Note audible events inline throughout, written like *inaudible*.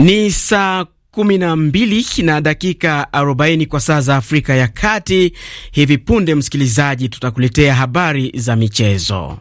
Ni saa kumi na mbili na dakika arobaini kwa saa za Afrika ya Kati. Hivi punde, msikilizaji, tutakuletea habari za michezo.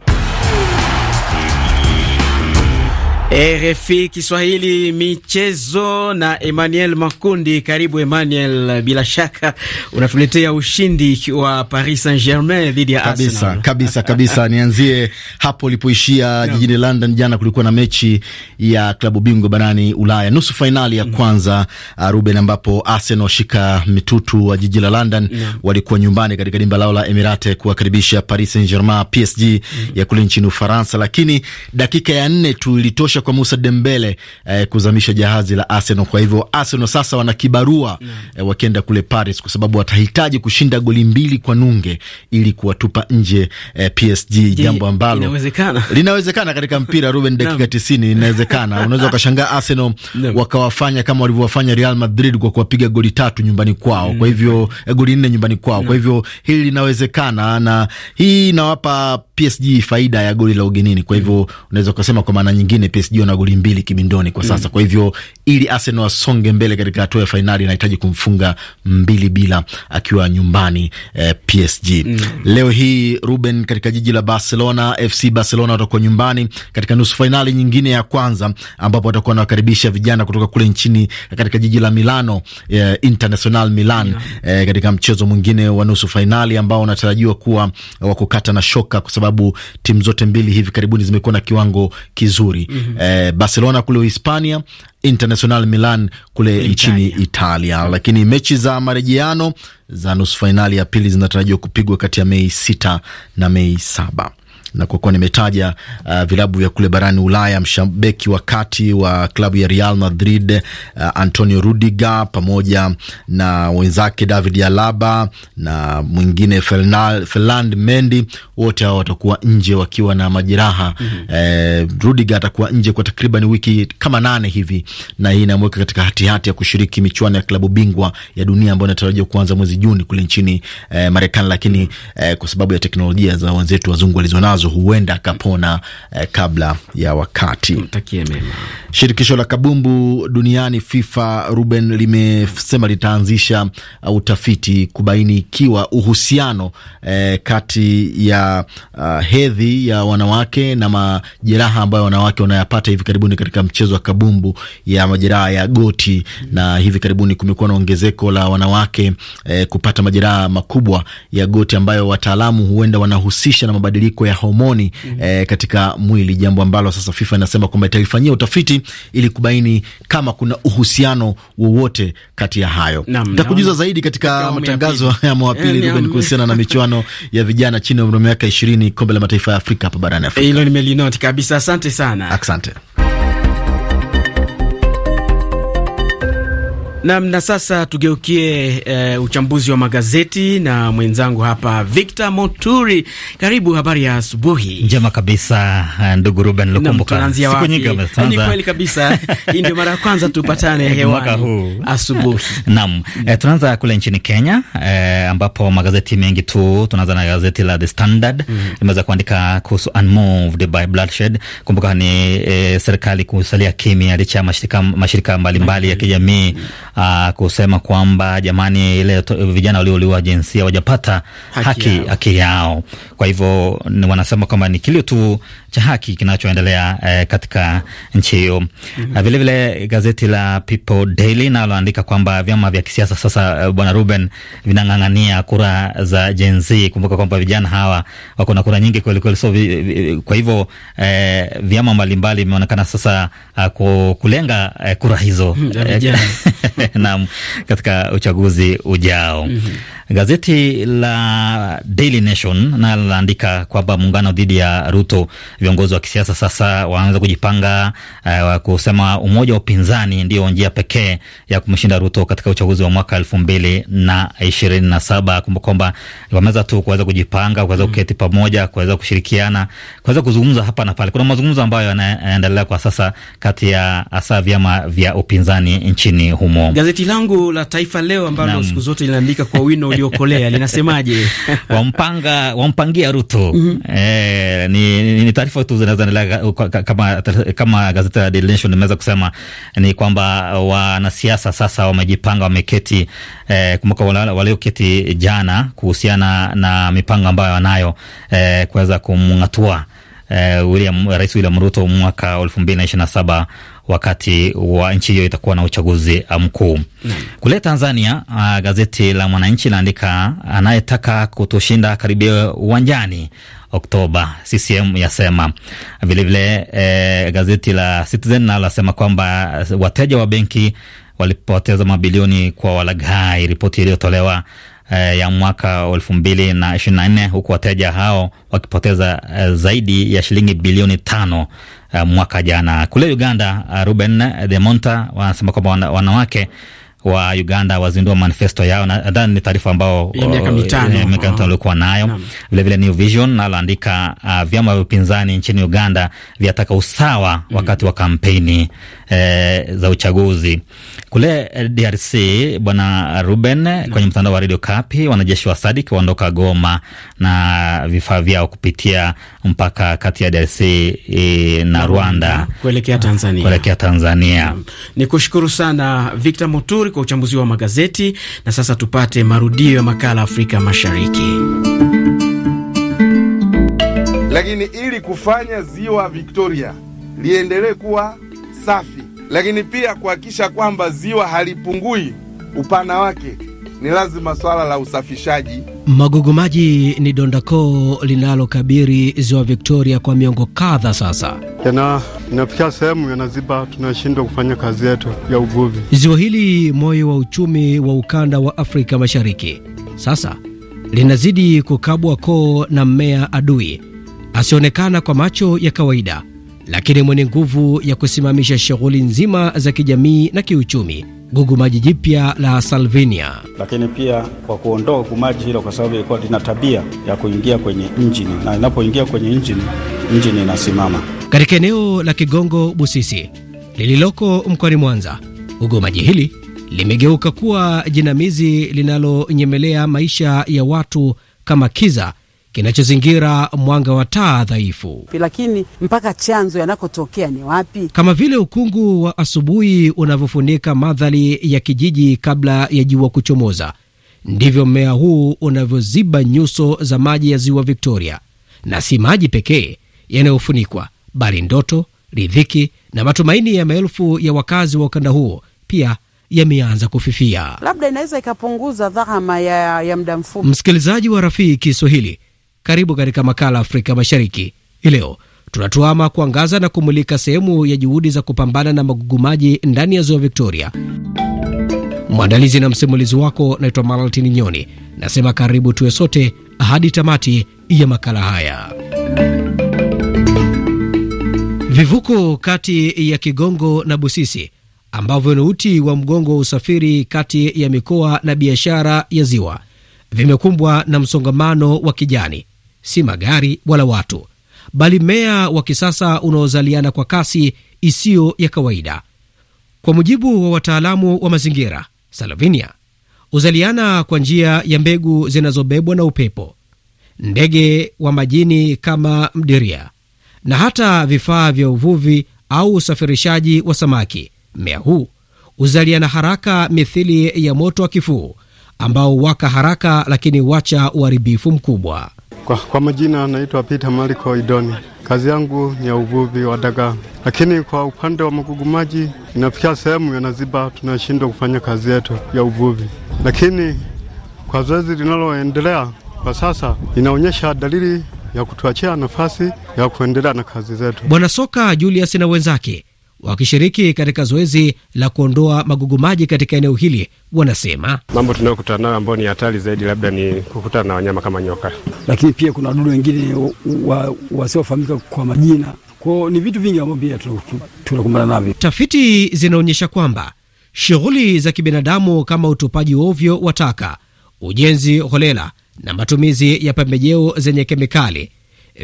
RFI Kiswahili michezo na Emmanuel Makundi. Karibu Emmanuel, bila shaka unatuletea ushindi wa Paris Saint-Germain dhidi ya kabisa, Arsenal. Kabisa kabisa *laughs* nianzie hapo ulipoishia no. Jijini London jana kulikuwa na mechi ya klabu bingwa barani Ulaya, nusu fainali ya mm. kwanza no. Uh, Ruben, ambapo Arsenal washika mitutu wa jiji la London no. walikuwa nyumbani katika dimba lao la Emirate kuwakaribisha Paris Saint-Germain PSG no. Mm. ya kule nchini Ufaransa, lakini dakika ya nne tu ilitosha kuisha kwa Musa Dembele eh, kuzamisha jahazi la Arsenal. Kwa hivyo Arsenal sasa wana kibarua mm, eh, wakienda kule Paris kwa sababu watahitaji kushinda goli mbili kwa nunge ili kuwatupa nje eh, PSG, jambo ambalo linawezekana, *laughs* linawezekana katika mpira Ruben, dakika 90 inawezekana. Unaweza *laughs* ukashangaa Arsenal wakawafanya kama walivyowafanya Real Madrid kwa kuwapiga goli tatu nyumbani kwao, kwa hivyo eh, goli nne nyumbani kwao, kwa hivyo hili linawezekana, na hii inawapa PSG faida ya goli la ugenini. Kwa hivyo mm. unaweza ukasema kwa maana nyingine PSG wana goli mbili kibindoni kwa sasa. mm. Kwa hivyo ili Arsenal asonge mbele katika hatua ya fainali inahitaji kumfunga mbili bila akiwa nyumbani eh, PSG. Mm. Leo hii Ruben, katika jiji la Barcelona, FC Barcelona watakuwa nyumbani katika nusu fainali nyingine ya kwanza ambapo watakuwa wanawakaribisha vijana kutoka kule nchini katika jiji la Milano, eh, International Milan, yeah. eh, katika mchezo mwingine wa nusu fainali ambao unatarajiwa kuwa wakukata na shoka kwa sababu sababu timu zote mbili hivi karibuni zimekuwa na kiwango kizuri mm -hmm. Eh, Barcelona kule Hispania, International Milan kule Italia, nchini Italia. Lakini mechi za marejeano za nusu fainali ya pili zinatarajiwa kupigwa kati ya Mei sita na Mei saba na kwa kuwa nimetaja uh, vilabu vya kule barani Ulaya, mshabeki wa kati wa klabu ya Real Madrid uh, Antonio Rudiger pamoja na wenzake David Alaba na mwingine Ferland Mendy, wote hao watakuwa nje wakiwa na majeraha mm -hmm. Eh, Rudiger atakuwa nje kwa takriban wiki kama nane hivi, na hii inamweka katika hatihati ya kushiriki michuano ya klabu bingwa ya dunia ambayo inatarajiwa kuanza mwezi Juni kule nchini eh, Marekani, lakini eh, kwa sababu ya teknolojia za wenzetu wazungu walizonazo ambazo huenda akapona eh, kabla ya wakati. Shirikisho la kabumbu duniani FIFA, Ruben, limesema litaanzisha uh, utafiti kubaini ikiwa uhusiano eh, kati ya uh, hedhi ya wanawake na majeraha ambayo wanawake wanayapata hivi karibuni katika mchezo wa kabumbu ya majeraha ya goti mm. Na hivi karibuni kumekuwa na ongezeko la wanawake eh, kupata majeraha makubwa ya goti ambayo wataalamu huenda wanahusisha na mabadiliko ya homoni mm -hmm. eh, katika mwili, jambo ambalo sasa FIFA inasema kwamba itaifanyia utafiti ili kubaini kama kuna uhusiano wowote kati ya hayo. Nitakujuza zaidi katika matangazo ya mawapili ilikuwa eh, ni kuhusiana na michuano *laughs* ya vijana chini ya umri wa miaka ishirini, kombe la mataifa ya Afrika hapa barani Afrika. Hilo nimelinoti kabisa, asante sana, asante. Nam na sasa tugeukie e, uchambuzi wa magazeti na mwenzangu hapa Victor Moturi. Karibu, habari ya asubuhi. Njema kabisa ndugu Ruben Lukumbuka. Siku nyingi ni kweli kabisa hii ndio mara ya kwanza tupatane *laughs* hewani asubuhi. *laughs* Nam e, tunaanza kule nchini Kenya e, ambapo magazeti mengi tu, tunaanza na gazeti la The Standard limeweza mhm. mm, kuandika kuhusu unmoved by bloodshed. Kumbuka ni e, serikali kusalia kimya licha ya mashirika mbalimbali mbali ya kijamii mhm uh, kusema kwamba jamani, ile vijana waliouliwa jinsia wajapata haki, haki yao. Haki yao. Kwa hivyo wanasema kwamba ni kilio tu cha haki kinachoendelea eh, katika nchi hiyo. mm -hmm. Ah, Vilevile gazeti la People Daily naloandika kwamba vyama vya kisiasa sasa, eh, bwana Ruben, vinang'ang'ania kura za Gen Z. Kumbuka kwamba vijana hawa wako na kura nyingi kwelikweli, so vi, vi, kwa hivyo eh, vyama mbalimbali vimeonekana sasa uh, kulenga eh, kura hizo mm, *laughs* naam, katika uchaguzi ujao. mm -hmm. Gazeti la Daily Nation na laandika kwamba muungano dhidi ya Ruto, viongozi wa kisiasa sasa waanza kujipanga uh, kusema umoja wa upinzani ndio njia pekee ya kumshinda Ruto katika uchaguzi wa mwaka elfu mbili na ishirini na saba. Kumbuka kwamba wameweza tu kuweza kujipanga, kuweza mm. kuketi pamoja, kuweza kushirikiana, kuweza kuzungumza hapa na pale. Kuna mazungumzo ambayo yanaendelea kwa sasa kati ya hasa vyama vya upinzani nchini humo. Gazeti langu la Taifa Leo ambalo siku zote linaandika kwa wino *laughs* aliokolea linasemaje? *laughs* wampanga wampangia Ruto mm -hmm. E, ni, ni, ni taarifa tu zinazoendelea kama, kama gazeti la Daily Nation limeweza kusema ni kwamba wanasiasa sasa wamejipanga, wameketi e, kumbuka walioketi jana kuhusiana na mipango ambayo wanayo e, kuweza kumng'atua e, William, Rais William Ruto mwaka elfu mbili na ishirini na saba wakati wa nchi hiyo itakuwa na uchaguzi uh, mkuu. Mm. Kule Tanzania, uh, gazeti la Mwananchi laandika uh, anayetaka kutushinda karibia uwanjani Oktoba, CCM yasema vilevile. Eh, gazeti la Citizen nalo lasema kwamba uh, wateja wa benki walipoteza mabilioni kwa walaghai, ripoti iliyotolewa eh, ya mwaka elfu mbili na ishirini na nne huku wateja hao wakipoteza eh, zaidi ya shilingi bilioni tano eh, mwaka jana. Kule Uganda, eh, Ruben De Monta wanasema kwamba wanawake wa Uganda wazindua manifesto yao, nadhani ni taarifa ambao miaka mitano waliokuwa nayo. Vilevile New Vision naloandika uh, vyama vya upinzani nchini Uganda vyataka usawa mm. wakati mm, wa kampeni eh, za uchaguzi. Kule eh, DRC bwana Ruben na, kwenye mtandao wa Radio Kapi, wanajeshi wa Sadik waondoka Goma na vifaa vyao kupitia mpaka kati ya DRC e, eh, na Rwanda kuelekea Tanzania, kuelekea Tanzania. Ni kushukuru sana Victor Muturi vizuri kwa uchambuzi wa magazeti, na sasa tupate marudio ya makala Afrika Mashariki. Lakini ili kufanya ziwa Victoria liendelee kuwa safi, lakini pia kuhakikisha kwamba ziwa halipungui upana wake ni lazima swala la usafishaji. Magugu maji ni donda koo linalokabiri ziwa Victoria kwa miongo kadha sasa. Yana inafikia sehemu yanaziba, tunashindwa kufanya kazi yetu ya uvuvi. Ziwa hili moyo wa uchumi wa ukanda wa Afrika Mashariki sasa linazidi kukabwa koo na mmea adui asionekana kwa macho ya kawaida, lakini mwenye nguvu ya kusimamisha shughuli nzima za kijamii na kiuchumi gugumaji jipya la Salvinia. Lakini pia kwa kuondoa gugumaji hilo, kwa sababu ilikuwa lina tabia ya kuingia kwenye injini, na inapoingia kwenye injini, injini inasimama. Katika eneo la Kigongo Busisi lililoko mkoani Mwanza, gugumaji hili limegeuka kuwa jinamizi linalonyemelea maisha ya watu kama kiza kinachozingira mwanga wa taa dhaifu. Lakini mpaka chanzo yanakotokea ni wapi? Kama vile ukungu wa asubuhi unavyofunika madhali ya kijiji kabla ya jua kuchomoza, ndivyo mmea huu unavyoziba nyuso za maji ya ziwa Victoria, na si maji pekee yanayofunikwa, bali ndoto, ridhiki na matumaini ya maelfu ya wakazi wa ukanda huo pia yameanza kufifia. Labda inaweza ikapunguza dhahama ya, ya muda mfupi. Msikilizaji wa Rafii Kiswahili, karibu katika makala Afrika Mashariki. Hii leo tunatuama kuangaza na kumulika sehemu ya juhudi za kupambana na magugumaji ndani ya ziwa Victoria. Mwandalizi na msimulizi wako naitwa Malaltini Nyoni, nasema karibu tuwe sote hadi tamati ya makala haya. Vivuko kati ya Kigongo na Busisi ambavyo ni uti wa mgongo wa usafiri kati ya mikoa na biashara ya ziwa vimekumbwa na msongamano wa kijani si magari wala watu, bali mmea wa kisasa unaozaliana kwa kasi isiyo ya kawaida. Kwa mujibu wa wataalamu wa mazingira, Salvinia huzaliana kwa njia ya mbegu zinazobebwa na upepo, ndege wa majini kama mdiria, na hata vifaa vya uvuvi au usafirishaji wa samaki. Mmea huu huzaliana haraka mithili ya moto wa kifuu ambao waka haraka lakini wacha uharibifu mkubwa. Kwa, kwa majina naitwa Peter Mariko Idoni. Kazi yangu ni ya uvuvi wa dagaa, lakini kwa upande wa magugu maji inafikia sehemu yanaziba, tunashindwa kufanya kazi yetu ya uvuvi. Lakini kwa zoezi linaloendelea kwa sasa inaonyesha dalili ya kutuachia nafasi ya kuendelea na kazi zetu. Bwana Soka Julius na wenzake wakishiriki katika zoezi la kuondoa magugu maji katika eneo hili wanasema mambo tunayokutana nayo ambayo ni hatari zaidi labda ni kukutana na wanyama kama nyoka, lakini pia kuna wadudu wengine wasiofahamika wa, wa kwa majina. Kwao ni vitu vingi ambavyo pia tunakumbana navyo. Tafiti zinaonyesha kwamba shughuli za kibinadamu kama utupaji ovyo wa taka, ujenzi holela na matumizi ya pembejeo zenye kemikali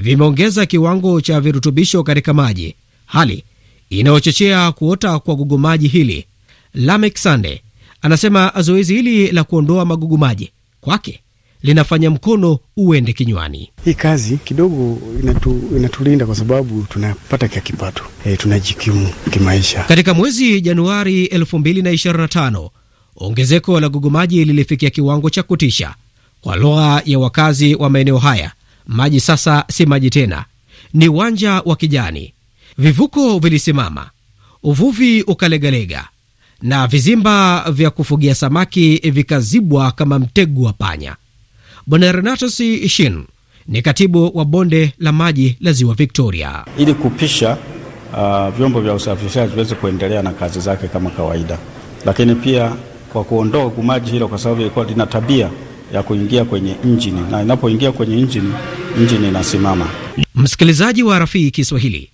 vimeongeza kiwango cha virutubisho katika maji, hali inayochochea kuota kwa gugu maji hili. Lamek Sande anasema zoezi hili la kuondoa magugu maji kwake linafanya mkono uende kinywani. Hii kazi kidogo inatu, inatulinda kwa sababu tunapata kia kipato e, tunajikimu kimaisha. Katika mwezi Januari 2025 ongezeko la gugumaji lilifikia kiwango cha kutisha. Kwa lugha ya wakazi wa maeneo haya, maji sasa si maji tena, ni uwanja wa kijani vivuko vilisimama, uvuvi ukalegalega na vizimba vya kufugia samaki vikazibwa kama mtego wa panya. Bwana Renatus Shin ni katibu wa bonde la maji la ziwa Victoria. ili kupisha uh, vyombo vya usafirishaji viweze kuendelea na kazi zake kama kawaida, lakini pia kwa kuondoa gumaji hilo, kwa sababu ilikuwa lina tabia ya kuingia kwenye injini, na inapoingia kwenye injini, injini inasimama. Msikilizaji wa Rafii Kiswahili,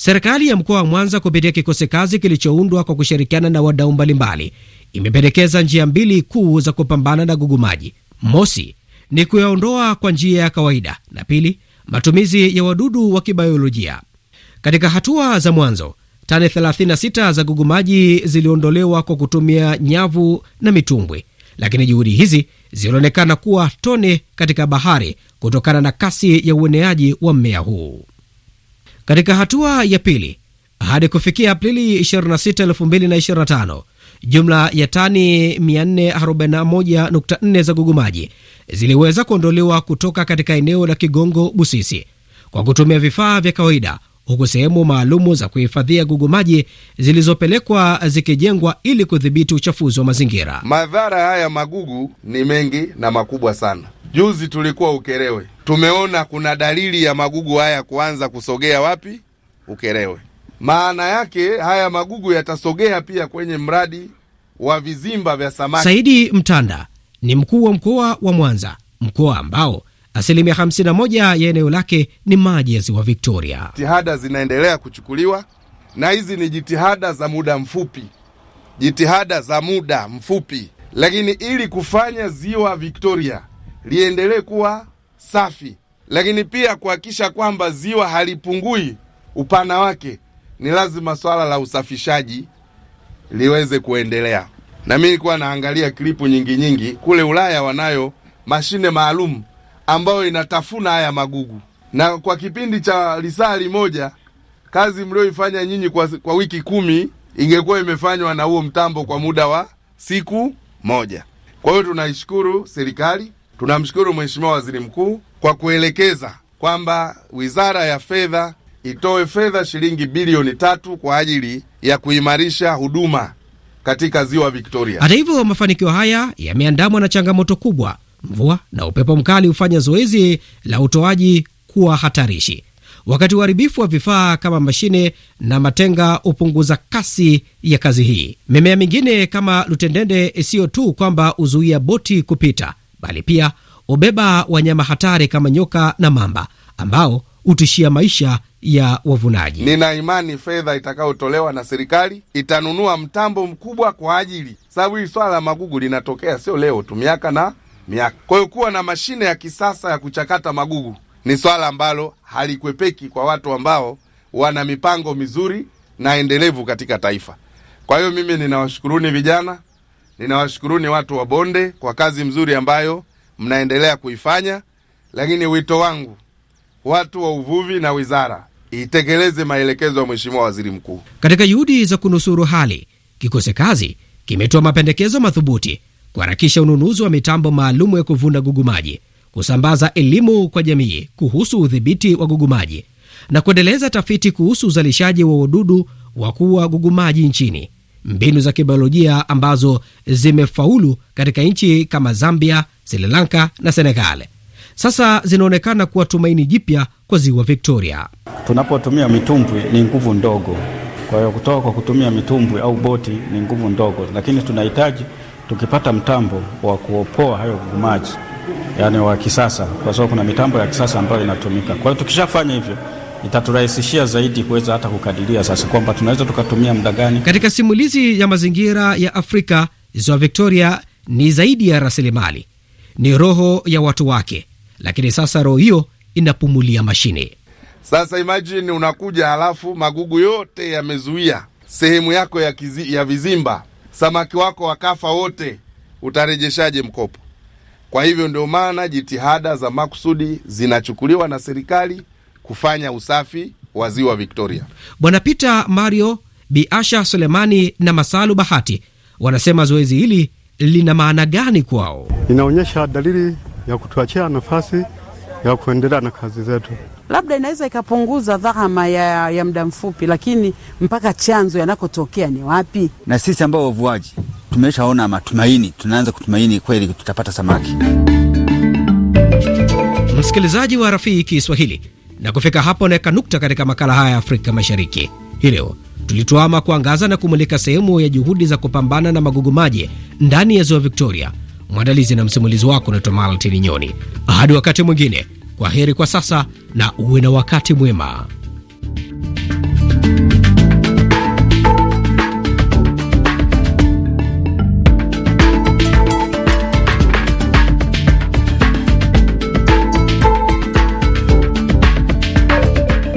Serikali ya mkoa wa Mwanza kupitia kikosi kazi kilichoundwa kwa kushirikiana na wadau mbalimbali imependekeza njia mbili kuu za kupambana na gugumaji. Mosi ni kuyaondoa kwa njia ya kawaida, na pili matumizi ya wadudu wa kibaiolojia Katika hatua za mwanzo, tani 36 za gugumaji ziliondolewa kwa kutumia nyavu na mitumbwi, lakini juhudi hizi zilionekana kuwa tone katika bahari kutokana na kasi ya ueneaji wa mmea huu. Katika hatua ya pili hadi kufikia Aprili 26, 2025 jumla ya tani 441.4 za gugumaji ziliweza kuondolewa kutoka katika eneo la Kigongo Busisi kwa kutumia vifaa vya kawaida, huku sehemu maalumu za kuhifadhia gugu maji zilizopelekwa zikijengwa ili kudhibiti uchafuzi wa mazingira. Madhara haya magugu ni mengi na makubwa sana. Juzi tulikuwa Ukerewe, tumeona kuna dalili ya magugu haya kuanza kusogea wapi? Ukerewe. Maana yake haya magugu yatasogea pia kwenye mradi wa vizimba vya samaki. Saidi Mtanda ni mkuu wa mkoa wa Mwanza, mkoa ambao asilimia 51 ya eneo lake ni maji ya ziwa Victoria. Jitihada zinaendelea kuchukuliwa na hizi ni jitihada za muda mfupi, jitihada za muda mfupi, lakini ili kufanya ziwa Victoria liendelee kuwa safi, lakini pia kuhakikisha kwamba ziwa halipungui upana wake, ni lazima swala la usafishaji liweze kuendelea. Na mi nilikuwa naangalia klipu nyingi nyingi, kule Ulaya wanayo mashine maalum ambayo inatafuna haya magugu, na kwa kipindi cha lisali moja kazi mlioifanya nyinyi kwa, kwa wiki kumi ingekuwa imefanywa na huo mtambo kwa muda wa siku moja. Kwa hiyo tunaishukuru serikali Tunamshukuru Mheshimiwa Waziri Mkuu kwa kuelekeza kwamba Wizara ya Fedha itoe fedha shilingi bilioni tatu kwa ajili ya kuimarisha huduma katika ziwa Victoria. Hata hivyo, mafanikio haya yameandamwa na changamoto kubwa. Mvua na upepo mkali hufanya zoezi la utoaji kuwa hatarishi, wakati uharibifu wa vifaa kama mashine na matenga hupunguza kasi ya kazi hii. Mimea mingine kama lutendende isiyo tu kwamba huzuia boti kupita, bali pia hubeba wanyama hatari kama nyoka na mamba ambao hutishia maisha ya wavunaji. Nina imani fedha itakayotolewa na serikali itanunua mtambo mkubwa kwa ajili, sababu hili swala la magugu linatokea sio leo tu, miaka na miaka. Kwa hiyo kuwa na mashine ya kisasa ya kuchakata magugu ni swala ambalo halikwepeki kwa watu ambao wana mipango mizuri na endelevu katika taifa. Kwa hiyo mimi ninawashukuruni vijana Ninawashukuruni watu wa Bonde kwa kazi mzuri ambayo mnaendelea kuifanya, lakini wito wangu watu wa uvuvi na wizara itekeleze maelekezo ya Mheshimiwa Waziri Mkuu. Katika juhudi za kunusuru hali, kikosi kazi kimetoa mapendekezo madhubuti kuharakisha ununuzi wa mitambo maalumu ya kuvuna gugumaji, kusambaza elimu kwa jamii kuhusu udhibiti wa gugumaji na kuendeleza tafiti kuhusu uzalishaji wa wadudu wa kuua gugumaji nchini mbinu za kibiolojia ambazo zimefaulu katika nchi kama Zambia, Sri Lanka na Senegal. Sasa zinaonekana kuwa tumaini jipya kwa ziwa Victoria. Tunapotumia mitumbwi ni nguvu ndogo, kwa hiyo kutoka kwa kutumia mitumbwi au boti ni nguvu ndogo, lakini tunahitaji tukipata mtambo wa kuopoa hayo maji, yaani wa kisasa, kwa sababu kuna mitambo ya kisasa ambayo inatumika. Kwa hiyo tukishafanya hivyo itaturahisishia zaidi kuweza hata kukadiria sasa kwamba tunaweza tukatumia muda gani katika simulizi ya mazingira ya Afrika. Ziwa Victoria ni zaidi ya rasilimali, ni roho ya watu wake, lakini sasa roho hiyo inapumulia mashine. Sasa imajini unakuja, halafu magugu yote yamezuia sehemu yako ya, kizi, ya vizimba, samaki wako wakafa wote, utarejeshaje mkopo? Kwa hivyo ndio maana jitihada za makusudi zinachukuliwa na serikali kufanya usafi wa ziwa Victoria. Bwana Peter Mario, Biasha Sulemani na Masalu Bahati wanasema zoezi hili lina maana gani kwao? Inaonyesha dalili ya kutuachia nafasi ya kuendelea na kazi zetu. Labda inaweza ikapunguza dhahama ya, ya muda mfupi, lakini mpaka chanzo yanakotokea ni wapi? Na sisi ambao wavuaji tumeshaona matumaini, tunaanza kutumaini kweli tutapata samaki. Msikilizaji wa Rafiki Kiswahili na kufika hapo naweka nukta katika makala haya ya Afrika Mashariki hii leo. Tulituama kuangaza na kumulika sehemu ya juhudi za kupambana na magugu maji ndani ya ziwa Victoria. Mwandalizi na msimulizi wako unaitwa Maltini Nyoni. Hadi wakati mwingine, kwa heri kwa sasa na uwe na wakati mwema.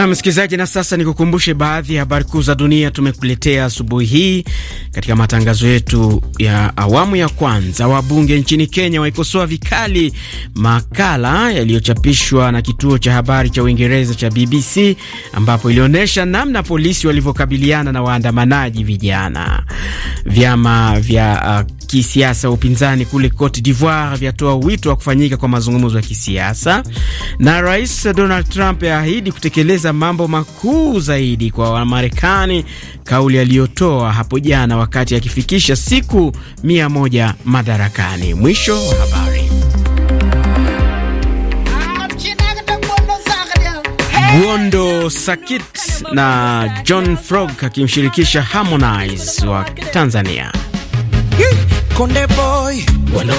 na msikilizaji, na sasa nikukumbushe baadhi ya habari kuu za dunia tumekuletea asubuhi hii katika matangazo yetu ya awamu ya kwanza. Wabunge nchini Kenya waikosoa vikali makala yaliyochapishwa na kituo cha habari cha Uingereza cha BBC ambapo ilionyesha namna polisi walivyokabiliana na waandamanaji vijana. Vyama vya uh, kisiasa. Upinzani kule Cote d'Ivoire vyatoa wito wa kufanyika kwa mazungumzo ya kisiasa, na Rais Donald Trump yaahidi kutekeleza mambo makuu zaidi kwa Wamarekani, kauli aliyotoa hapo jana wakati akifikisha siku mia moja madarakani. Mwisho wa habari. Gwondo Sakit na John Frog akimshirikisha Harmonize wa Tanzania. Bueno, voy. Bueno,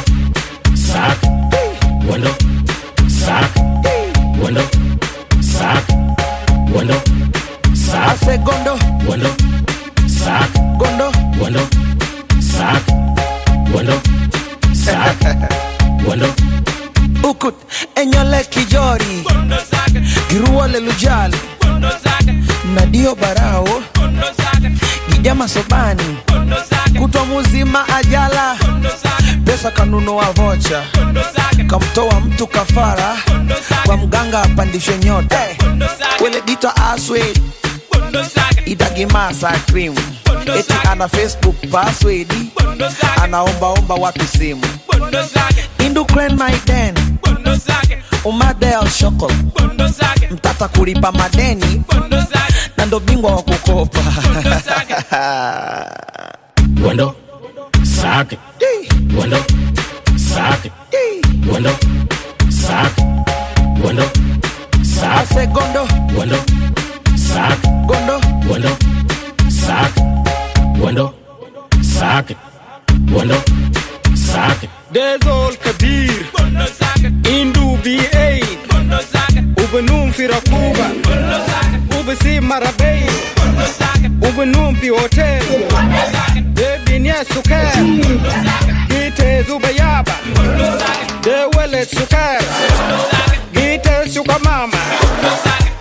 sac, bueno, sac, bueno, sac, bueno, sac. Bueno, gondo, bueno, sac, gondo, bueno, sac, bueno, sac, bueno. *laughs* Ukut, enyole kijori, Bueno, lelujali, nadio barao, Bueno, sobani, kutwa muzima ajala pesa kanunua vocha kamtoa mtu kafara kwa mganga apandishe nyota welegita aswe idagimasa eti ana facebook password anaombaomba watu simu inducran maiden umadel shoko mtata kulipa madeni na ndo bingwa wa kukopa *laughs* Wendo, sock it. Wendo, sock it. Wendo, sock it. Wendo, sock. I said gondo. sock. Gondo. Wendo, sock. Wendo, sock it. sock There's all Kabir. Indu BA. Gondo sock it. Ubenum Firakuba. Gondo sock Ubenum Pi Hotel. wele suker gite zube yaba de wele suker gite shuka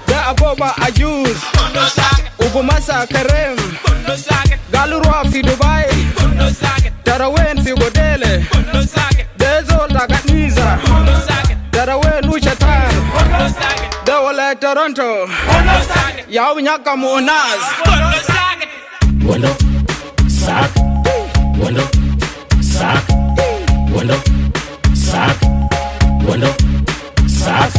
da aboba ayuz ubumasa karem galurwa fi dubai tarawen fi godele de zolta ganiza tarawen ushetan de wele toronto yau nyaka munas Bueno, sac sac, sac, sac. sac, sac,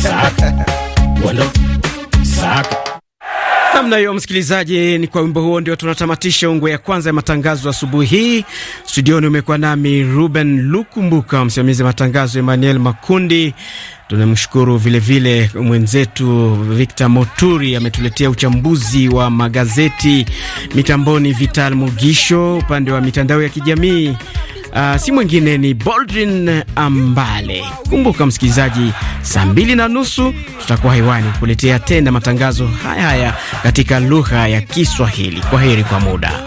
sac, sac. Namna hiyo msikilizaji, ni kwa wimbo huo ndio tunatamatisha ungu ya kwanza ya matangazo asubuhi hii. Studioni umekuwa nami Ruben Lukumbuka, msimamizi wa matangazo Emmanuel Makundi. Tunamshukuru vilevile mwenzetu Victor Moturi ametuletea uchambuzi wa magazeti. Mitamboni Vital Mugisho, upande wa mitandao ya kijamii Uh, si mwingine ni Boldrin Ambale. Kumbuka msikilizaji, saa mbili na nusu tutakuwa hewani kuletea tena matangazo haya haya katika lugha ya Kiswahili. Kwa heri kwa muda.